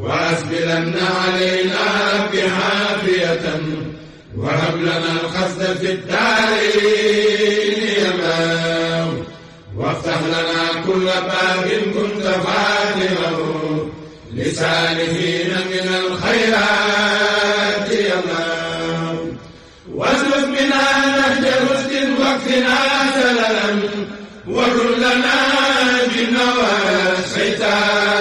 وأسبلن علينا رب عافية وهب لنا القصد في الدارين يمام وافتح لنا كل باب كنت فاتحه لسالهين من الخيرات يمام واصرف بنا نهج رشد واكفنا سللا وكلنا بالنوى الشيطان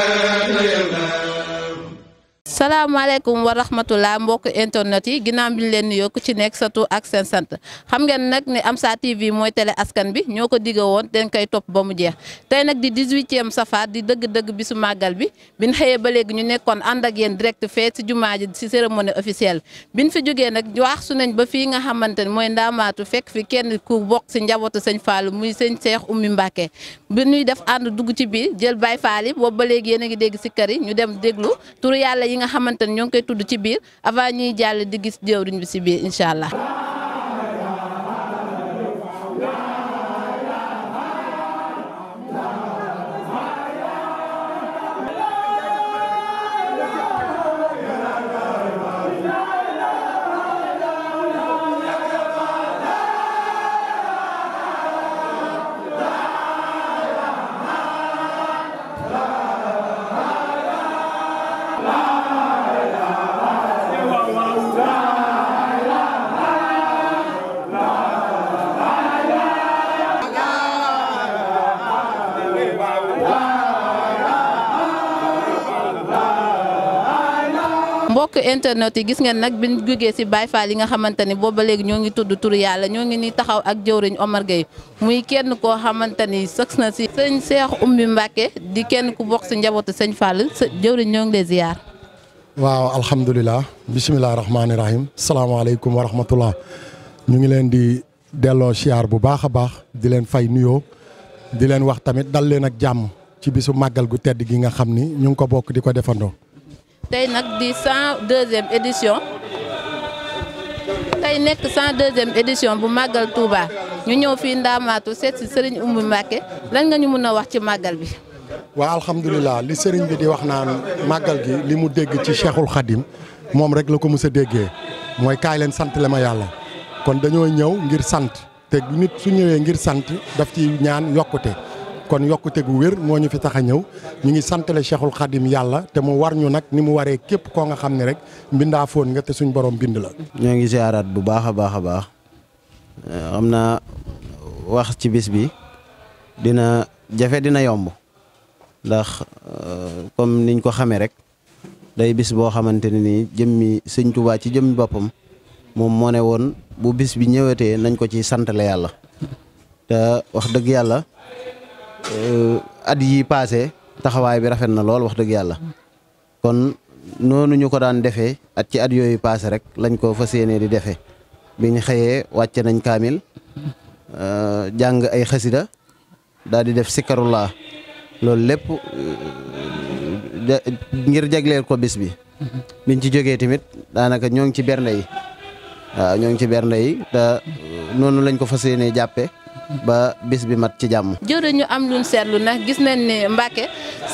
salaamaaleykum wa rahmatulah mbokk internet yi ginnaaw bi leen nuyoo ku ci nekk sa tur ak seen sant xam ngeen nag ni Amsa TV mooy télé askan bi ñoo ko digga woon dañ koy topp ba mu jeex tey nag di 18e safar di dëgg-dëgg bisu màggal bi biñ xëyee ba léegi ñu nekkoon ànd yéen direct fee si jumaa ji si cérémonie officielle bi biñ fi jógee nag waax su nañ ba fii nga xamante ne mooy ndaamaatu fekk fi kenn ku bokk si njabootu sëñ faalu muy sëñ Seex Oumy Mbacké bi nuy def ànd dugg ci biir jël baay Fall yi boobu ba léegi yéen ngi dégg si kër yi ñu dem déglu turu yàlla nga xamante ni ñoo ngi koy tudd ci biir avant ñuy jàll di gis jëwriñ bi si biir incha allah. bokk internet yi gis ngeen nag biñ jógee si Baye Fall yi nga xamante ni booba léegi ñoo ngi tudd turu yàlla ñoo ngi ni taxaw ak jëwriñ Omar Gueye muy kenn koo xamante ni sëks na si sëñ Cheikh Oumy Mbacké di kenn ku bokk si njabootu sëñ Fall jëwriñ ñoo ngi lay ziar. waaw alhamdulilah bisimilah rahmaani rahim salaamaaleykum wa rahmatullah ñu ngi leen di delloo siyaar bu baax a baax di leen fay nuyoo di leen wax tamit dal leen ak jàmm ci bisu màggal gu tedd gi nga xam ni ñu ngi ko bokk di ko defandoo. tey nag di cent deuxième édition tey nekk cent deuxième édition bu màggal Touba ñu ñëw fii Ndaamaatu seet si Serigne Oumy lañ lan nga ñu mën a wax ci màggal bi. waaw alhamdulilah li sëriñ bi di wax naan màggal gi li mu dégg ci Cheikhul Khadim moom rek la ko mës déggee mooy kaay leen sant la ma yàlla kon dañoo ñëw ngir sant te nit su ñëwee ngir sant daf ci ñaan yokkute. kon yokkute gu wér moo ñu fi tax a ñëw ñu ngi santale Cheikhul Khadim yàlla te mu war ñu nag ni mu waree képp koo nga xam ne rek mbindaa foon nga te suñ borom bind la. ñoo ngi ziaraat bu baax a baax a baax xam na wax ci bis bi dina jafe dina yomb ndax euh, comme niñ ko xamee rek day bis boo xamante ne nii jëmmi sëñ Tuubaa ci jëmmi boppam moom moo ne woon bu bis bi ñëwetee nañ ko ci santale yàlla te wax dëgg yàlla. Euh, at yi passé taxawaay bi rafet na lool wax dëgg yàlla kon noonu ñu ko daan defee at ci at yooyu passé rek lañ ko fas yéenee di defee biñ xëyee wàcce nañ kaamil euh, jàng ay xasida daal di def sikkarulaa loolu lépp euh, ngir jagleel ko bis bi biñ ci jógee tamit daanaka ñoo ngi ci bernde yi waaw ñoo ngi ci bernde yi te noonu lañ ko fas yéenee jàppe ba bis bi mat ci jàmm. jërë ñu am luñ seetlu nag gis nañ ne Mbacke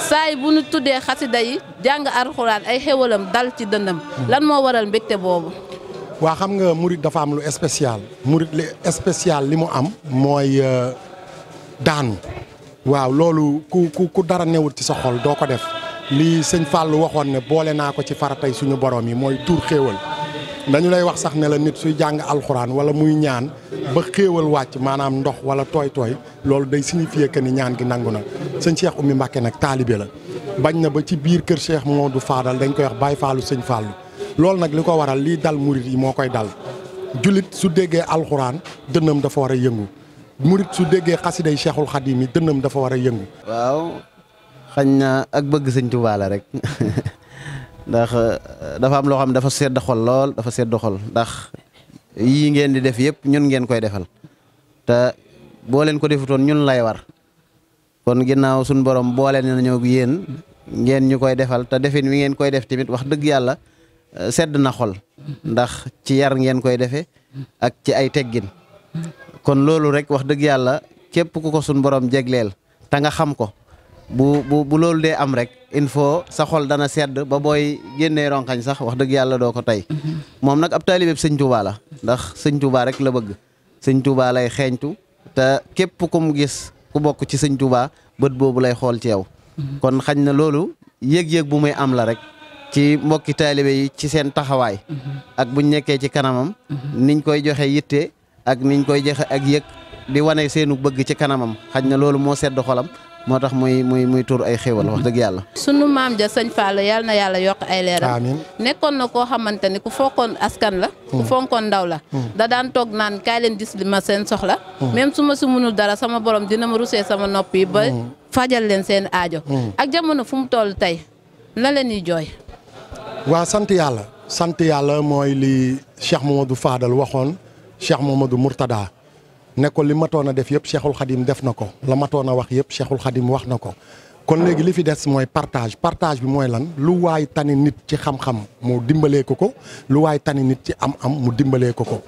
saay bu nu tuddee xasida yi jàng alxuraan ay xéwalam dal ci dëndam. Hmm. lan moo waral mbégte boobu. waa xam nga murit dafa am lu spécial. murit li spécial li mu am. mooy euh, daanu. waaw loolu ku ku dara newut ci sa xol doo ko def. li sëñ Fallou waxoon ne boole naa ko ci faratay suñu borom yi mooy tuur xéewal dañu lay wax sax ne la nit suy jàng alxuraan wala muy ñaan ba xéewal wàcc maanaam ndox wala tooy-tooy loolu day signifier que ni ñaan gi nangu na sëñ Cheikh Oumy Mbacké nag taalibe la bañ na ba ci biir kër Cheikh du Fadal dañ koy wax Baye Fallou sëñ Fallou loolu nag li ko waral lii dal murit yi moo koy dal jullit su déggee alxuraan dënnam dafa war a yëngu murit su déggee xasiday Cheikhul Khadim yi dënnam dafa war a yëngu. waaw xañ na ak bëgg sëñ rek. ndax euh, dafa am loo xam dafa sedd xol lool dafa sedd xol ndax yii ngeen di def yëpp ñun ngeen koy defal te boo leen ko defutoon ñun lay war kon ginnaaw suñu borom na ñëw ak yéen ngeen ñu koy defal te defin wi ngeen koy def tamit wax dëgg yàlla euh, sedd na xol ndax ci yar ngeen koy defee ak ci ay teggin kon loolu rek wax dëgg yàlla képp ku ko suñu borom jegleel te nga xam ko bu bu bu loolu dee am rek. il faut sa xol dana sedd ba booy génnee ronkañ sax wax dëgg yàlla doo ko tey moom nag ab taalibeeb sëñ Touba la ndax sëñ Touba rek la bëgg sëñ Touba lay xeeñtu te képp ku mu gis ku bokk ci sëñ Touba bët boobu lay xool ci yow. kon xañ na loolu yéeg yëg bu muy am la rek ci mbokki taalibe yi ci seen taxawaay. ak buñ nekkee ci kanamam. niñ koy joxe yitte ak niñ koy joxe ak yëg di wane seenu bëgg ci kanamam xañ na loolu moo sedd xolam moo tax muy muy muy ay xéwal wax dëgg yàlla. sunu maam ja sañ Fallou yal na yàlla yokk ay leeram. amiin nekkoon na koo xamante ni ku fokkoon askan la. ku hmm. fonkoon ndaw la. Hmm. da daan toog naan kaay leen gis ma seen soxla. Hmm. même suma si mënul dara sama boroom dina ma rusee sama nopp yi ba fajal leen seen aajo. ak jamono fu mu toll tey la leen di jooy. waa sant yàlla. sant yàlla mooy li Cheikh Mamadou Fadal waxoon Cheikh Mamadou Mourtada. ne li matoon a def yëpp Cheikhul Khadim def na ko la matoon a wax yëpp Cheikhul Khadim wax na ko kon léegi li fi des mooy partage partage bi mooy lan lu waay tani nit ci xam-xam mu dimbalee ko ko lu waay tani nit ci am-am mu dimbalee ko ko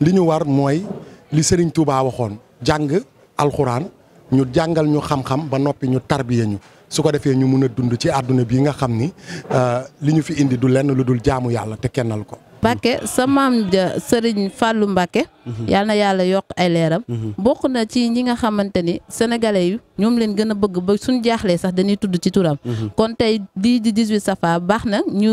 li ñu war mooy li Serigne Touba waxoon jàng alxuraan ñu jàngal ñu xam-xam ba noppi ñu tarbiye ñu su ko defee ñu mun a dund ci àdduna bi nga xam ni euh, li ñu fi indi du lenn lu dul jaamu yàlla te kennal ko. Mbacke sa maam ja Serigne Fallou Mbacke. Mhm. yal na yàlla yokk ay leeram. Mhm. bokk na ci ñi nga xamante ni yu yi ñoom leen gën a bëgg ba suñ jaaxlee sax dañuy tudd ci turam. Mhm. kon tey lii di 18 safa baax na ñu.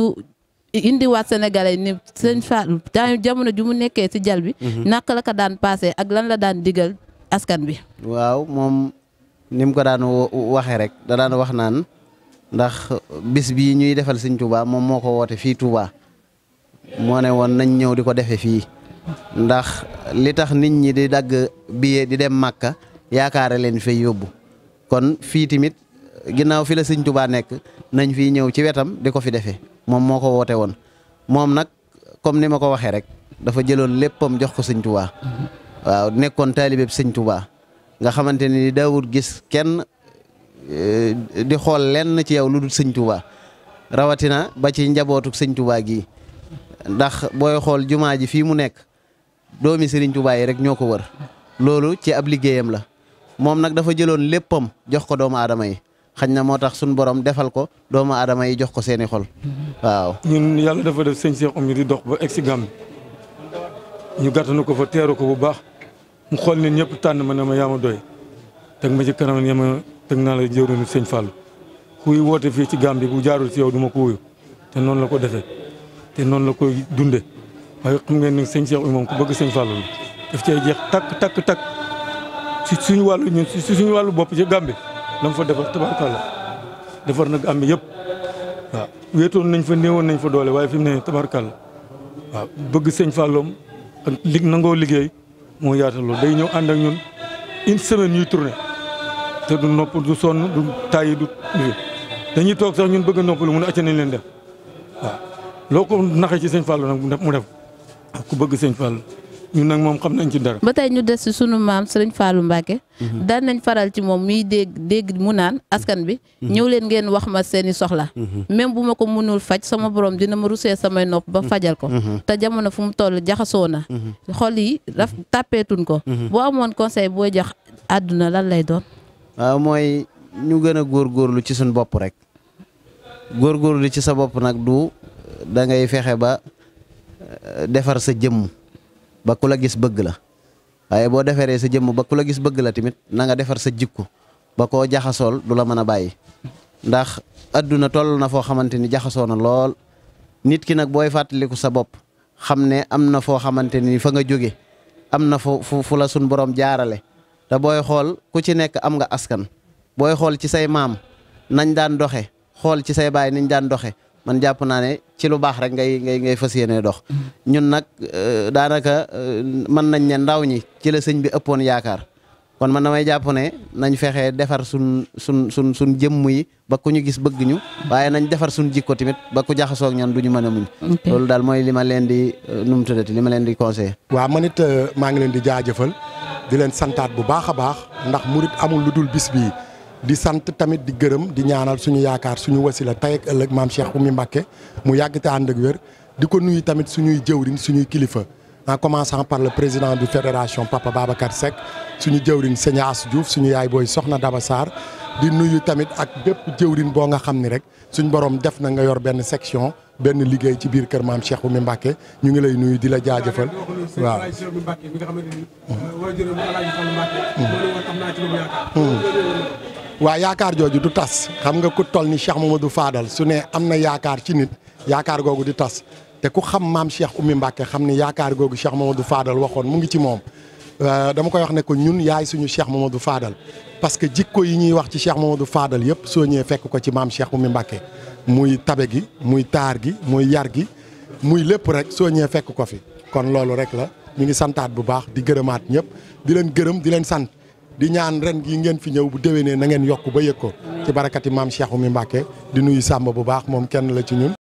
indiwaat sénégalais ni seen Fallou daa jamono ji mu nekkee ci jal bi. naka la ko daan paase ak lan la daan digal askan bi. waaw moom ni ko daan waxee rek da daan wax naan ndax bis bii ñuy defal sëñ Touba moom moo ko woote fii Touba moo ne woon nañ ñëw di ko defee fii ndax li tax nit ñi di dagg billet di dem Màkka yaakaare leen fay yóbbu kon fii tamit ginnaaw fi la sëñ Tuubaa nekk nañ fii ñëw ci wetam di ko fi defee moom moo ko woote woon moom nag comme ni ma ko waxee rek dafa jëloon léppam jox ko sëñ Tuubaa waaw nekkoon taalibe bi sëñ Tuubaa nga xamante ni daawut gis kenn eh, di xool lenn ci yow lu dul sëñ Tuubaa rawatina ba ci njabootu sëñ Tuubaa gii ndax booy xool jumaa ji fii mu nekk doomi Serigne Touba yi rek ñoo ko wër loolu ci ab liggéeyam la moom nag dafa jëloon léppam jox ko doomu aadama yi xañ na moo tax suñu borom defal ko doomu aadama yi jox ko seeni xol waaw. ñun yàlla dafa def sëñ Cheikh Oumy di dox ba egg si Gàmbi ñu gàttanu ko fa teeru ko bu baax mu xool ne ñëpp tànn ma ne ma yaa ma doy teg ma ci kanam ne teg naa la jëwriñu sëñ Fallou kuy woote fii ci Gàmbi bu jaarul si yow du ma ko noonu la ko defee. te noonu la koy dunde waaye xam ngeen ne sëñ Cheikh moom ku bëgg sëñ Fallou la daf cay jeex takk takk takk si suñu wàllu ñun suñu wàllu bopp ci Gambie la mu fa defar tabarkalla defar na Gambie yëpp waaw wéetoon nañ fa néewoon nañ fa doole waaye fi mu ne tabarkalla waaw bëgg sëñ Falloom ak lig nangoo liggéey moo yaatal loolu day ñëw ànd ak ñun une semaine ñuy tourné te du nopp du sonn du tàyyi du dañuy toog sax ñun bëgg a noppalu mun a acca nañ leen def waaw loo ko naxee ci sëñ Fallou nag mu def ku bëgg sëñ Fallou ñun nag moom xam nañ ci dara. ba tey ñu des ci suñu maam sëñ faalu Mbacke. Mhm. daan nañ faral ci moom muy dégg dégg mu naan askan bi. Mhm. ñëw leen ngeen wax ma seeni soxla. Mhm. même bu ma ko mënul faj sama boroom dina ma rusee samay nopp ba fajal ko. te jamono fu mu toll jaxasoo na. xol yi daf tàppeetuñ ko. boo amoon conseil booy jax àdduna lan lay doon. waaw mooy ñu gën a góorgóorlu ci suñu bopp rek. góorgóorlu sa bopp nag da ngay fexe ba euh, defar sa jëmm ba ku la gis bëgg la waaye boo defaree sa jëmm ba la gis bëgg la tamit na nga defar sa jikko ba koo jaxasool du la mën a bàyyi ndax àdduna toll na foo xamante ni jaxasoo na lool nit ki nag booy fàttaliku sa bopp xam ne am na foo xamante ni fa nga jóge am na fu fu la sun borom jaarale te booy xool ku ci nekk am nga askan booy xool ci say maam nañ daan doxe xool ci say baay niñ daan doxe man jàpp naa ne ci lu baax rek ngay ngay ngay fas yéene dox ñun nag euh, daanaka euh, mën nañ ne ndaw ñi ci la sëñ bi ëppoon yaakaar kon man damay jàpp ne nañ fexe defar sun sun sun sun jëmm yi ba ku ñu gis bëgg ñu waaye nañ defar suñ jikko tamit ba ku jaxasoo ak ñoom du ñu mën a muñ loolu daal mooy li ma leen di euh, nu mu tuddati li ma leen di conseillé waa man it maa ngi leen di jaajëfal di leen santaat bu baax a baax ndax murit amul lu dul bis bii di sant tamit di gërëm di ñaanal suñu yaakaar suñu wasila tey ak ëllëg maam Cheikh Oumy Mbacké mu yàgg te ànd ak wér di ko nuyu tamit suñuy jëwriñ suñuy kilifa en commençant par le président du fédération Papa Babacar Seck suñu jëwriñ sëñ As Diouf suñu yaay booy Soxna Daba Sarr di nuyu tamit ak bépp jëwriñ boo nga xam ni rek suñ borom def na nga yor benn section benn liggéey ci biir kër maam Cheikh Oumy Mbacké ñu ngi lay nuyu di la jaajëfal waaw waaw waa yaakaar jooju du tas xam nga ku toll ni Cheikh du faadal su ne am na yaakaar ci nit yaakaar googu di tas te ku xam maam Cheikh Oumy Mbacké xam ne yaakaar googu a du Fadal waxoon mu ngi ci moom euh, dama koy wax ne ko ñun yaay suñu moom Mamadou Fadal parce que jikko yi ñuy wax ci a du Fadal yëpp soo ñëwee fekk ko ci maam Cheikh Oumy Mbacké muy tabe gi muy taar gi muy yar gi muy lépp rek soo ñëwee fekk ko fi kon loolu rek la ñu ngi santaat bu baax di gërëmaat ñëpp di leen gërëm di leen sant di ñaan ren gi ngeen fi ñëw bu déwénee ne nangeen yokk ba yëg ko ci barakati maam Cheikh Oumy Mbacké di nuyu Samba bu baax moom kenn la ci ñun